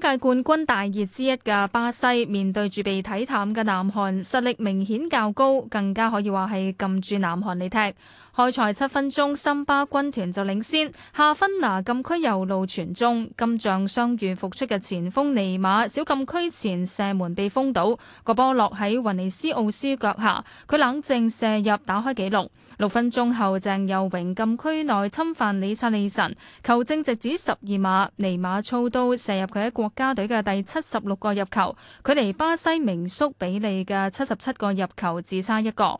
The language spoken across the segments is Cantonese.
世界冠軍大熱之一嘅巴西面對住被睇淡嘅南韓，實力明顯較高，更加可以話係撳住南韓嚟踢。開賽七分鐘，森巴軍團就領先，夏芬拿禁區右路傳中，金將傷愈復出嘅前鋒尼馬小禁區前射門被封堵，個波落喺維尼斯奧斯腳下，佢冷靜射入打開紀錄。六分鐘後，鄭友榮禁區內侵犯里察利神，球證直指十二碼，尼馬操刀射入佢。過。國家隊嘅第七十六個入球，距離巴西名宿比利嘅七十七個入球只差一個。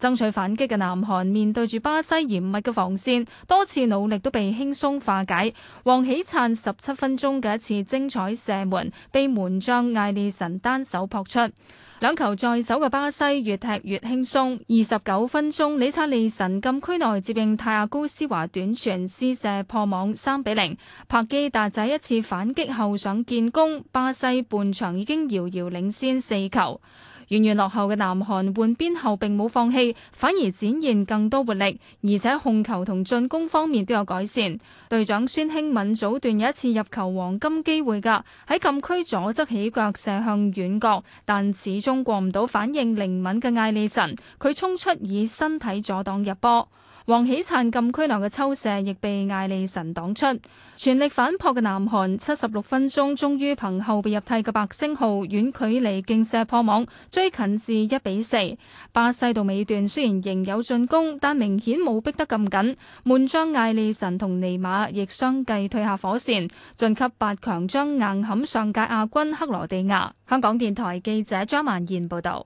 爭取反擊嘅南韓面對住巴西嚴密嘅防線，多次努力都被輕鬆化解。黃喜燦十七分鐘嘅一次精彩射門，被門將艾利臣單手撲出。兩球在手嘅巴西越踢越輕鬆。二十九分鐘，理察利神禁區內接應泰亞高斯華短傳施射破網，三比零。帕基達仔一次反擊後想建功，巴西半場已經遙遙領先四球。遠遠落後嘅南韓換邊後並冇放棄，反而展現更多活力，而且控球同進攻方面都有改善。隊長孫興敏早段有一次入球黃金機會㗎，喺禁區左側起腳射向遠角，但始終過唔到反應靈敏嘅艾利臣，佢衝出以身體阻擋入波。王喜燦禁區內嘅抽射亦被艾利臣擋出，全力反撲嘅南韓七十六分鐘終於憑後備入替嘅白星浩遠距離勁射破網，追近至一比四。巴西到尾段雖然仍有進攻，但明顯冇逼得咁緊，門將艾利臣同尼馬亦相繼退下火線，晉級八強將硬撼上屆亞軍克羅地亞。香港電台記者張萬燕報道。